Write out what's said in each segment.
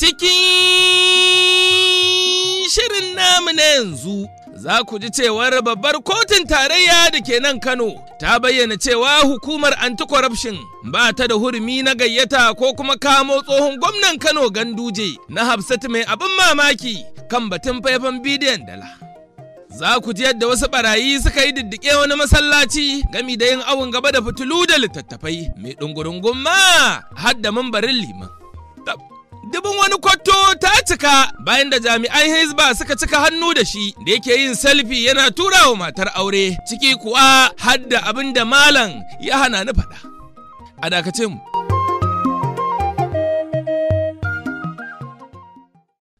Cikin shirin namu na yanzu za ku ji cewar babbar kotun tarayya da ke nan Kano ta bayyana cewa hukumar anti-corruption ba ta da hurumi na gayyata ko kuma kamo tsohon gwamnan Kano ganduje na Hafsat mai abin mamaki kan batun faifan bidiyon dala. za ku ji yadda wasu barayi suka yi diddike wani masallaci gami da yin awon gaba da fitilu da littattafai mai ɗungurungun ma har da mambarin liman. dubin wani kwato ta cika bayan da jami'an hezba suka cika hannu da shi da yake yin selfie yana tura wa matar aure ciki kuwa hadda abin da malam ya hana ni faɗa. A dakacin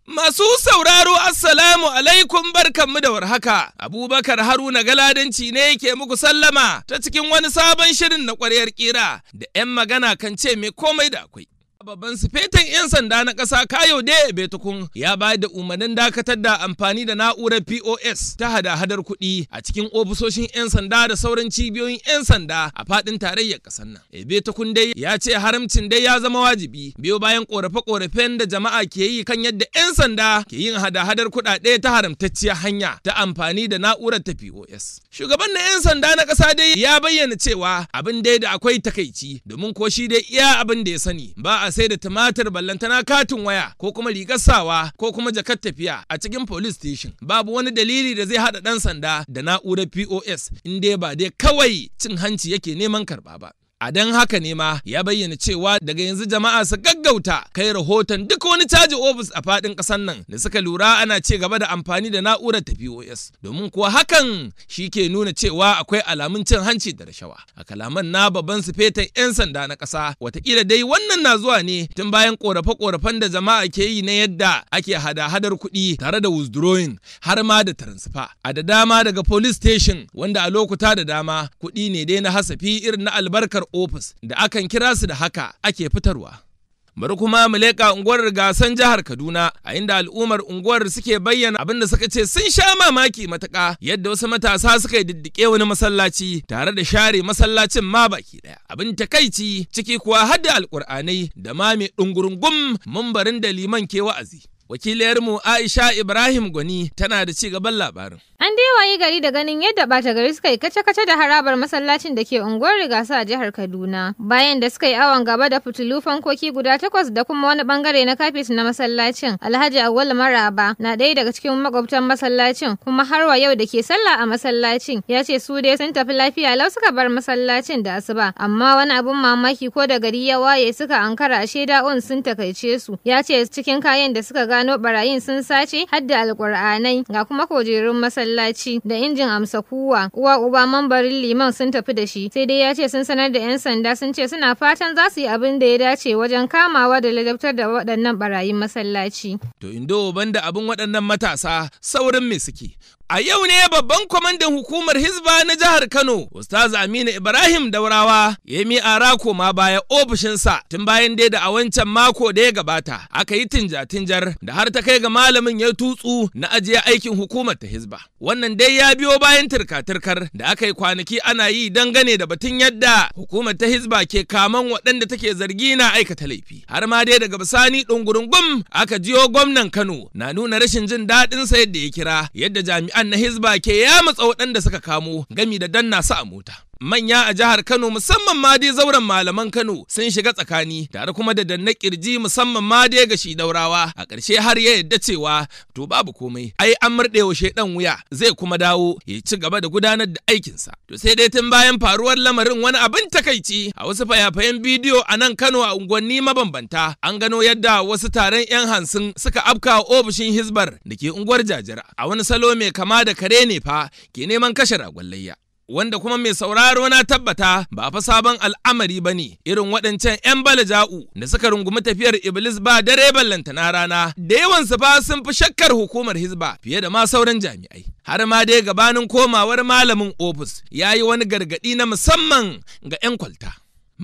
Masu sauraro Assalamu alaikum barkanmu da warhaka, Abubakar Haruna Galadanci ne ke muku sallama ta cikin wani sabon shirin na ƙwaryar ƙira da ‘yan magana kan ce mai komai da akwai. Babban sifetan 'yan sanda na ƙasa Kayode Betukun ya ba da umarnin dakatar da amfani da na'urar POS ta hada-hadar kuɗi a cikin ofisoshin 'yan sanda da sauran cibiyoyin 'yan sanda a faɗin tarayyar ƙasar nan. Eh, Betukun dai ya ce haramcin dai ya zama wajibi biyo bayan ƙorafe-ƙorafen da jama'a ke yi kan yadda 'yan sanda ke yin hada-hadar kuɗaɗe ta haramtacciyar hanya ta amfani da na'urar ta POS. Shugaban na 'yan sanda na ƙasa dai ya bayyana cewa abin dai da akwai takaici domin ko shi dai iya abin da ya sani ba a sai da tumatir ballantana katin waya ko kuma rigar sawa ko kuma jakar tafiya a cikin police station babu wani dalili da zai haɗa ɗan sanda da na'urar pos in dai ba dai kawai cin hanci yake neman karɓa ba A don haka ne ma ya bayyana cewa daga yanzu jama'a su gaggauta kai rahoton duk wani caji ofis a faɗin ƙasar nan da suka lura ana ci gaba da amfani da na'urar ta POS. Domin kuwa hakan shi ke nuna cewa akwai alamun cin hanci da rashawa. A kalaman na babban su fetan 'yan sanda na ƙasa watakila dai wannan na zuwa ne tun bayan ƙorafe-ƙorafen da jama'a ke yi na yadda ake hada-hadar kuɗi tare da withdrawing har ma da transfer. A da dama daga police station wanda a lokuta da dama kuɗi ne dai na hasafi irin na albarkar ofis da akan kira su da haka ake fitarwa. Bari kuma mu leƙa unguwar gasan jihar Kaduna a inda al'ummar unguwar suke bayyana abin da suka ce sun sha mamaki matuƙa yadda wasu matasa suka yi diddike wani masallaci tare da share masallacin ma baki ɗaya. Abin takaici ciki kuwa har da alƙur'anai da ma mai ɗungurungum mambarin da liman ke wa'azi. wakiliyarmu Aisha Ibrahim Gwani tana da ci gaban labarin. An dai wayi gari da ganin yadda bata gari suka yi kace-kace da harabar masallacin da ke unguwar Rigasa a jihar Kaduna. Bayan da suka yi awon gaba da fitilu fankoki guda takwas da kuma wani bangare na kafet na masallacin. Alhaji Awwal Maraba na ɗaya daga cikin makwabtan masallacin kuma har wa yau da ke sallah a masallacin ya ce su dai sun tafi lafiya lau suka bar masallacin da asuba amma wani abun mamaki ko da gari ya waye suka ankara a shaida'un sun takaice su ya ce cikin kayan da suka gane gano barayin sun sace har da alkur'anai ga kuma kujerun masallaci da injin amsa kuwa uwa uba mambarin liman sun tafi da shi sai dai ya ce sun sanar da 'yan sanda sun ce suna fatan za su yi abin da ya dace wajen kamawa da ladabtar da waɗannan barayin masallaci. To indo banda abin waɗannan matasa saurin me suke A yau ne babban kwamandan hukumar Hizba na jihar Kano, Ustaz Aminu Ibrahim Daurawa, ya yi ara koma baya ofishinsa tun bayan dai da a wancan mako da ya gabata. Aka yi tinja-tinjar da har ta kai ga malamin ya tutsu na ajiye aikin hukumar ta Hizba. Wannan dai ya biyo bayan turka-turkar da aka yi kwanaki ana yi dangane da batun yadda hukumar ta Hizba ke kaman waɗanda take zargi na aikata laifi. Har ma dai daga bisani ɗungurungum aka jiyo gwamnan Kano na nuna rashin jin daɗinsa yadda ya kira yadda jami'an sa'an hizba ke ya matsa waɗanda suka kamo gami da danna su a mota manya a jihar Kano musamman ma dai zauren malaman Kano sun shiga tsakani tare kuma da danna kirji musamman ma dai ga shi daurawa a ƙarshe har ya yadda cewa to babu komai ai an wa shedan wuya zai kuma dawo ya ci gaba da gudanar da aikinsa to sai dai tun bayan faruwar lamarin wani abin takaici a wasu fayafayen bidiyo a nan Kano a unguwanni mabambanta an gano yadda wasu taron 'yan hansun suka afka ofishin hisbar da ke unguwar Jajira a wani salo mai kama da kare ne fa ke neman kashe ragon wanda kuma mai sauraro na tabbata ba fa sabon al'amari ba ne irin waɗancan 'yan balaja'u da suka rungumi tafiyar iblis ba dare ballanta na rana da yawan su fa sun fi shakkar hukumar Hisba fiye da ma sauran jami'ai har ma dai gabanin komawar malamin ofis ya yi wani gargaɗi na musamman ga 'yan kwalta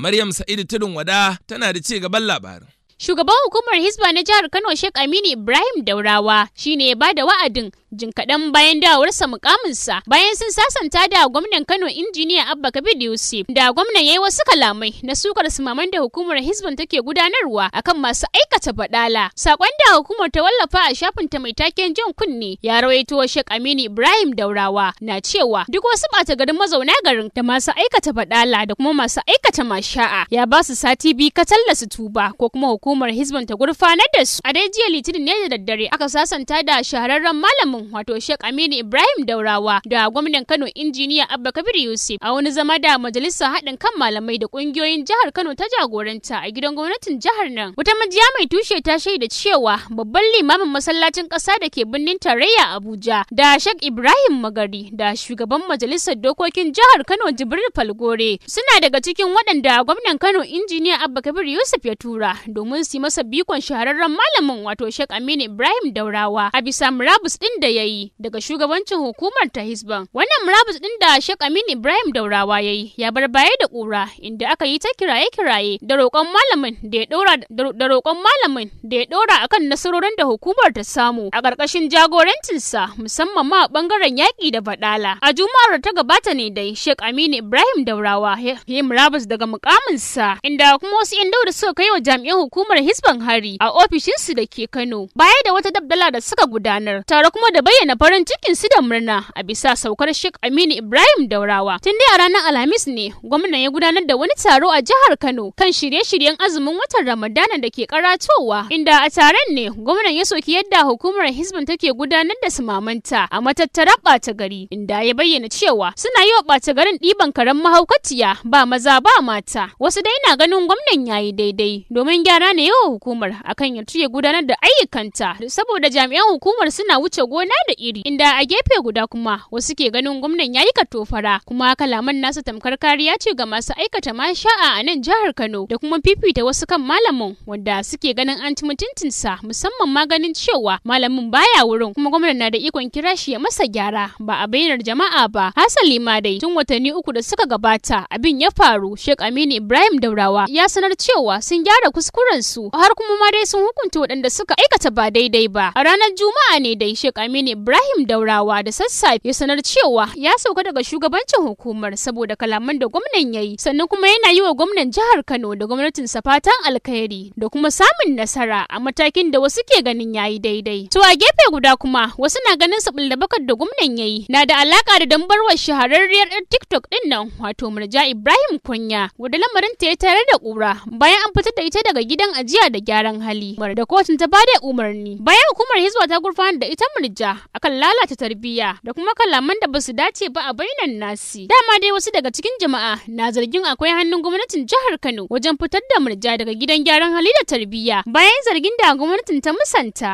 maryam sa'idu tudun wada tana da ci gaban labarin Shugaban hukumar Hisba na jihar Kano Sheikh Aminu Ibrahim Daurawa shine ba da wa'adin jin kaɗan bayan dawarsa mukaminsa bayan sun sasanta da gwamnan Kano injiniya Abba Kabir Yusuf da gwamnan yayi wasu kalamai na sukar sumaman da hukumar Hisban take gudanarwa akan masu aikata badala. Sakon da hukumar ta wallafa a shafin ta mai taken jan kunne ya rawaito Sheikh Aminu Ibrahim Daurawa na cewa duk wasu ta garin mazauna garin da masu aikata badala da kuma masu aikata masha'a ya ba su sati biyu ka da su tuba ko kuma hukumar hizbun ta gurfanar da su. A dai jiya Litinin ne da daddare aka sasanta da shahararren malamin wato Sheikh Aminu Ibrahim Daurawa da gwamnan Kano injiniya Abba Kabir Yusuf a wani zama da majalisar haɗin kan malamai da ƙungiyoyin jihar Kano ta jagoranta a gidan gwamnatin jihar nan. Wata majiya mai tushe ta shaida cewa babban limamin masallacin ƙasa da ke birnin tarayya Abuja da Sheikh Ibrahim Magari da shugaban majalisar dokokin jihar Kano Jibril Falgore suna daga cikin waɗanda gwamnan Kano injiniya Abba Kabir Yusuf ya tura domin domin su masa bikon shahararren malamin wato Sheikh Aminu Ibrahim Daurawa a bisa murabus din da yayi daga shugabancin hukumar ta Hisban. Wannan murabus din da Sheikh Aminu Ibrahim Daurawa yi ya bar baya da kura inda aka yi ta kiraye-kiraye da roƙon malamin da ya ɗora da roƙon malamin da ya ɗora akan nasarorin da hukumar ta samu a ƙarƙashin jagorancinsa musamman ma a ɓangaren yaƙi da baɗala. A Juma'ar ta gabata ne dai Sheikh Aminu Ibrahim Daurawa ya yi murabus daga mukaminsa inda kuma wasu 'yan dauda suka kai wa jami'an hukumar hukumar Hisban Hari a ofishinsu da ke Kano baya da wata dabdala da suka gudanar tare kuma da bayyana farin cikin su da murna a bisa saukar Sheikh Aminu Ibrahim Daurawa. Tun dai a ranar Alhamis ne gwamnan ya gudanar da wani taro a jihar Kano kan shirye-shiryen azumin watan Ramadana da ke karatowa inda a taron ne gwamnan ya soki yadda hukumar Hisban take gudanar da sumamanta a matattarar ɓata gari inda ya bayyana cewa suna yi wa ɓata garin ɗiban karen mahaukaciya ba maza ba mata. Wasu dai na ganin gwamnan yayi daidai domin gyara ne yawa hukumar akan ya tuye gudanar da ayyukanta saboda jami'an hukumar suna wuce gona da iri inda a gefe guda kuma wasu ke ganin gwamnan ya yayi katofara kuma kalaman nasa tamkar kariya ce ga masu aikata masha'a a nan jihar Kano da kuma fifita wasu kan malamin wanda suke ganin an ci mutuncinsa musamman maganin cewa malamin baya wurin kuma gwamnan na da ikon kira shi ya masa gyara ba a bayyanar jama'a ba hasali ma dai tun watanni uku da suka gabata abin ya faru Sheikh Aminu Ibrahim Daurawa ya sanar cewa sun gyara kuskuren su har kuma ma dai sun hukunta waɗanda suka aikata ba daidai ba a ranar juma'a ne dai Sheikh Aminu Ibrahim Daurawa da sassafe ya sanar cewa ya sauka daga shugabancin hukumar saboda kalaman da gwamnan yayi sannan kuma yana yi wa gwamnan jihar Kano da gwamnatin fatan alkhairi da kuma samun nasara a matakin da wasu ke ganin yayi daidai to a gefe guda kuma wasu na ganin su bakar da gwamnan yayi na da alaka da dambarwar shahararriyar yar TikTok ɗin nan wato Murja Ibrahim Kunya wanda lamarin ta ya tare da kura bayan an fitar da ita daga gidan ajiya da gyaran hali da kotun ta bada umarni bayan hukumar hizba ta gurfana da ita murja akan lalata tarbiyya da kuma kalaman da basu dace ba a bainan nasi dama dai wasu daga cikin jama'a na zargin akwai hannun gwamnatin jihar Kano wajen fitar da murja daga gidan gyaran hali da tarbiyya bayan zargin da gwamnatin ta musanta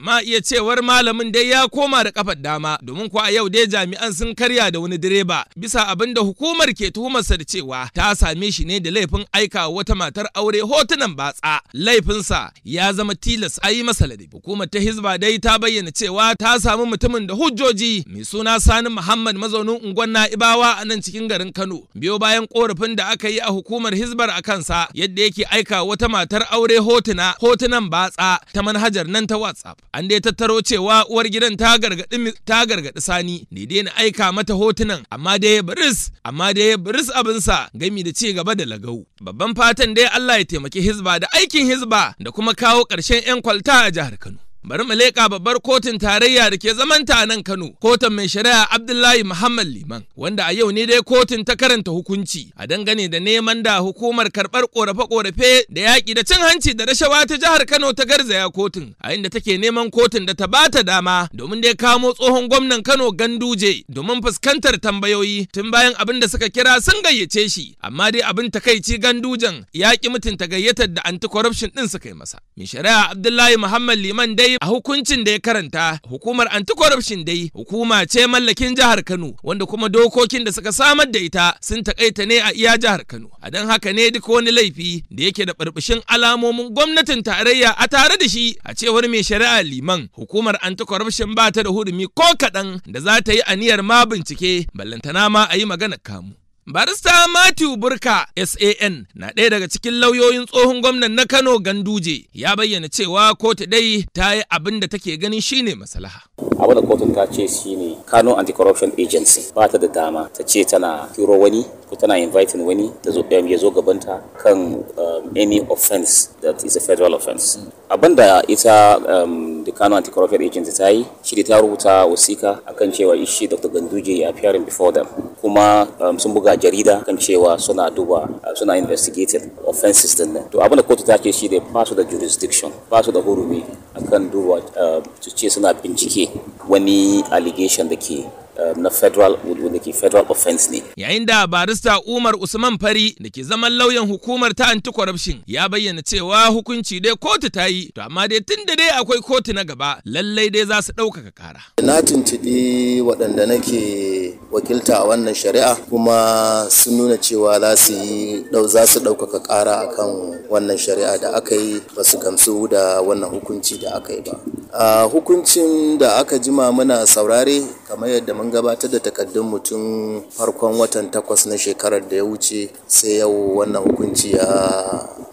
ma iya cewar malamin dai ya koma da kafar dama domin kuwa a yau dai jami'an sun karya da wani direba bisa abin da hukumar ke tuhumarsa da cewa ta same shi ne da laifin aika wata matar aure hotunan batsa laifinsa ya zama tilas a yi masa ladabi hukumar ta hizba dai ta bayyana cewa ta samu mutumin da hujjoji mai suna sani muhammad mazaunin unguwar na'ibawa a nan cikin garin kano biyo bayan korafin da aka yi a hukumar hizbar a kansa yadda yake aika wata matar aure hotuna hotunan batsa ta manhajar nan ta whatsapp an dai tattaro cewa uwar gidan ta gargaɗi ta sani da daina aika mata hotunan amma dai ya baris amma dai ya baris abinsa gami da ci gaba da lagau babban fatan dai Allah ya taimaki hizba da aikin hizba da kuma kawo ƙarshen 'yan kwalta a jihar Kano. Bari mu leƙa babbar kotun tarayya da ke zamanta a nan Kano, kotun mai shari'a Abdullahi Muhammad Liman, wanda a yau ne dai kotun ta karanta hukunci a dangane da neman da hukumar karɓar ƙorafe-ƙorafe da yaƙi da cin hanci da rashawa ta jihar Kano ta garzaya kotun, a inda take neman kotun da ta bata dama domin dai kamo tsohon gwamnan Kano Ganduje domin fuskantar tambayoyi tun bayan abin da suka kira sun gayyace shi, amma dai abin takaici Gandujen Yaƙi mutunta gayyatar da anti-corruption ɗin suka yi masa. Mai shari'a Abdullahi Muhammad Liman dai yi a hukuncin da ya karanta hukumar anti-corruption dai hukuma ce mallakin jihar Kano wanda kuma dokokin da suka samar da ita sun takaita ne a iya jihar Kano. A don haka ne duk wani laifi da yake da barbashin alamomin gwamnatin tarayya a tare da shi a cewar mai shari'a liman hukumar anti-corruption ba ta da hurumi ko kaɗan da za ta yi aniyar ma bincike ballantana ma a yi magana kamu. Barista Matthew Burka SAN na ɗaya daga cikin lauyoyin tsohon gwamnan na Kano Ganduje ya bayyana cewa kotu dai ta yi abin da take ganin shine maslaha. abin da kotun ta ce shine Kano Anti-Corruption Agency ba ta da dama ta ce tana kiro wani ko tana inviting wani ta zo um, ya zo gabanta kan um, any offense that is a federal offense. Abin da ita um, the Kano Anti-Corruption Agency ta yi shi ta rubuta wasika akan cewa shi Dr. Ganduje ya appearing before them kuma sun buga jarida kan cewa suna duba uh, suna investigating offenses din nan. To abin da kotu ta ce shi ne ba da jurisdiction ba da hurumi akan duba uh, su ce suna bincike wani allegation da ke um, na federal ke federal offense ne. Yayin da barista Umar Usman Fari da ke zaman lauyan hukumar ta anti-corruption ya bayyana cewa hukunci dai kotu ta yi to amma dai tun da dai akwai kotu na gaba lallai dai za su ɗaukaka kara. Na tuntuɓi waɗanda nake wakilta a wannan shari'a kuma sun nuna cewa za su yi za su ɗaukaka ƙara kan wannan shari'a da aka yi ba su gamsu da wannan hukunci da aka yi ba a hukuncin da aka jima muna saurare kamar yadda mun gabatar da takaddun mutum farkon watan takwas na shekarar da ya wuce sai yau wannan hukunci ya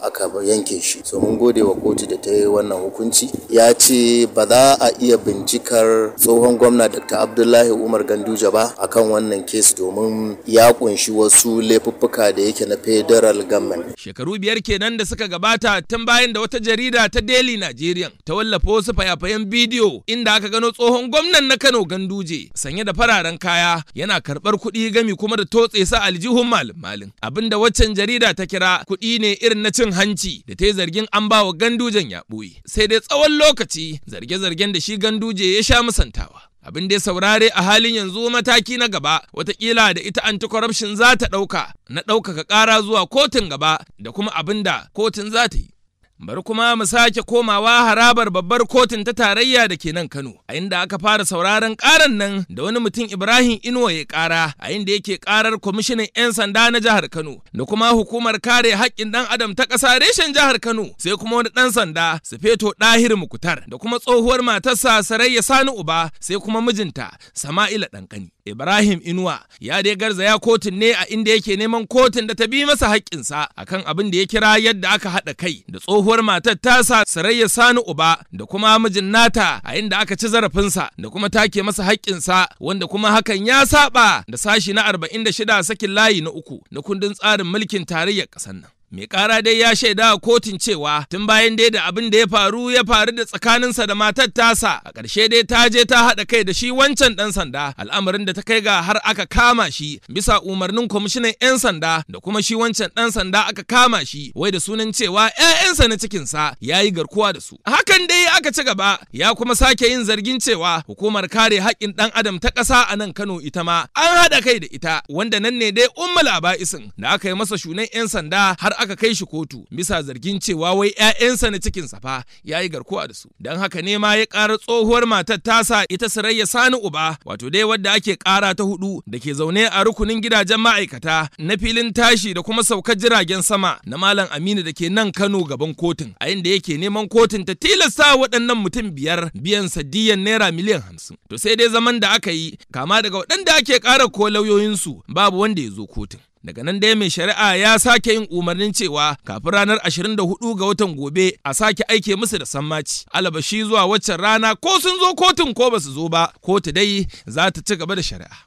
aka yanke shi so mun gode wa kotu da ta yi wannan hukunci ya ce ba za a iya bincikar tsohon gwamna dr abdullahi umar ganduja ba akan wannan kes domin ya kunshi wasu laifuffuka da yake na federal government shekaru biyar kenan da suka gabata tun bayan da wata jarida ta daily nigerian ta wallafa wasu fayafayen bidiyo inda aka gano tsohon gwamnan na kano ganduje sanye da fararen kaya yana karɓar kuɗi gami kuma da totse sa aljihun malin malin abinda waccan jarida ta kira kuɗi ne irin na cin cin hanci da ta yi zargin an ba wa gandujen ya ɓoye sai dai tsawon lokaci zarge-zargen da shi ganduje ya sha musantawa abin da ya saurare a halin yanzu mataki na gaba watakila da ita anti-corruption za ta ɗauka na ɗaukaka ƙara zuwa kotun gaba da kuma abin da kotun za ta yi Bari kuma mu sake komawa harabar babbar kotun ta tarayya da ke nan Kano, a inda aka fara sauraron karan nan da wani mutum Ibrahim Inuwa ya kara, a inda yake karar kwamishinan 'yan sanda na jihar Kano, da kuma hukumar kare haƙƙin ɗan adam ta ƙasa reshen jihar Kano, sai kuma wani ɗan sanda Sufeto Ɗahir Mukutar, da kuma tsohuwar matarsa Sarayya Sani Uba, sai kuma mijinta Sama'ila Dankani Ibrahim Inuwa ya dai garzaya kotun ne a inda yake neman kotun da ta bi masa haƙƙinsa akan abin da ya kira yadda aka haɗa kai da tsoho tsohuwar matar tasa Sarayya Sani Uba da kuma mijin nata a inda aka ci zarafinsa da kuma take masa haƙƙinsa wanda kuma hakan ya saba da sashi na 46 sakin layi na uku na kundin tsarin mulkin tarayyar ƙasar nan. Mai ƙara dai ya shaida a kotun cewa tun bayan dai da abin da ya faru ya faru da tsakaninsa da matar tasa a ƙarshe dai ta je ta haɗa kai da shi wancan ɗan sanda al'amarin da ta kai ga har aka kama shi bisa umarnin kwamishinan 'yan sanda da kuma shi wancan ɗan sanda aka kama shi wai da sunan cewa 'ya'yansa na cikinsa ya yi garkuwa da su. Hakan dai aka ci gaba ya kuma sake yin zargin cewa hukumar kare haƙƙin ɗan adam ta ƙasa a nan Kano ita ma an haɗa kai da ita wanda nan ne dai umma ba'isin da aka yi masa shunan 'yan sanda har aka kai shi kotu bisa zargin cewa wai 'ya'yansa na cikin safa ya yi garkuwa da su don haka ne ma ya ƙara tsohuwar matar tasa ita sarayya sani uba wato dai wadda ake ƙara ta hudu da ke zaune a rukunin gidajen ma'aikata na filin tashi da kuma saukar jiragen sama na malam aminu da ke nan kano gaban kotun a inda yake neman kotun ta tilasta waɗannan mutum biyar biyan sadiyan naira miliyan hamsin to sai dai zaman da aka yi kama daga waɗanda ake ƙara ko lauyoyinsu babu wanda ya zo kotun Daga nan dai mai shari'a ya sake yin umarnin cewa kafin ranar 24 ga watan gobe a sake aike musu da sammaci. shi zuwa waccan rana ko sun zo kotun ko ba su zo ba, kotu dai za ta ci gaba da shari'a.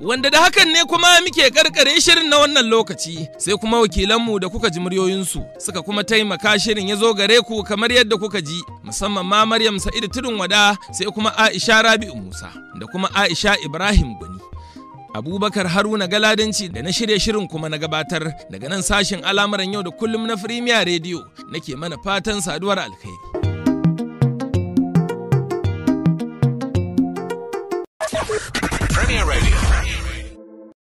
Wanda da hakan ne kuma muke karkare shirin na wannan lokaci sai kuma wakilanmu da kuka ji muryoyinsu suka kuma taimaka shirin ya zo gare ku kamar yadda kuka ji musamman ma Maryam Saidu Tudun Wada sai kuma Aisha Rabi'u Musa da kuma Aisha Ibrahim Guni. Abubakar Haruna Galadanci da na shirya shirin kuma na gabatar daga nan sashen al'amuran yau da kullum na Firimiya Rediyo nake mana fatan saduwar alkhairi.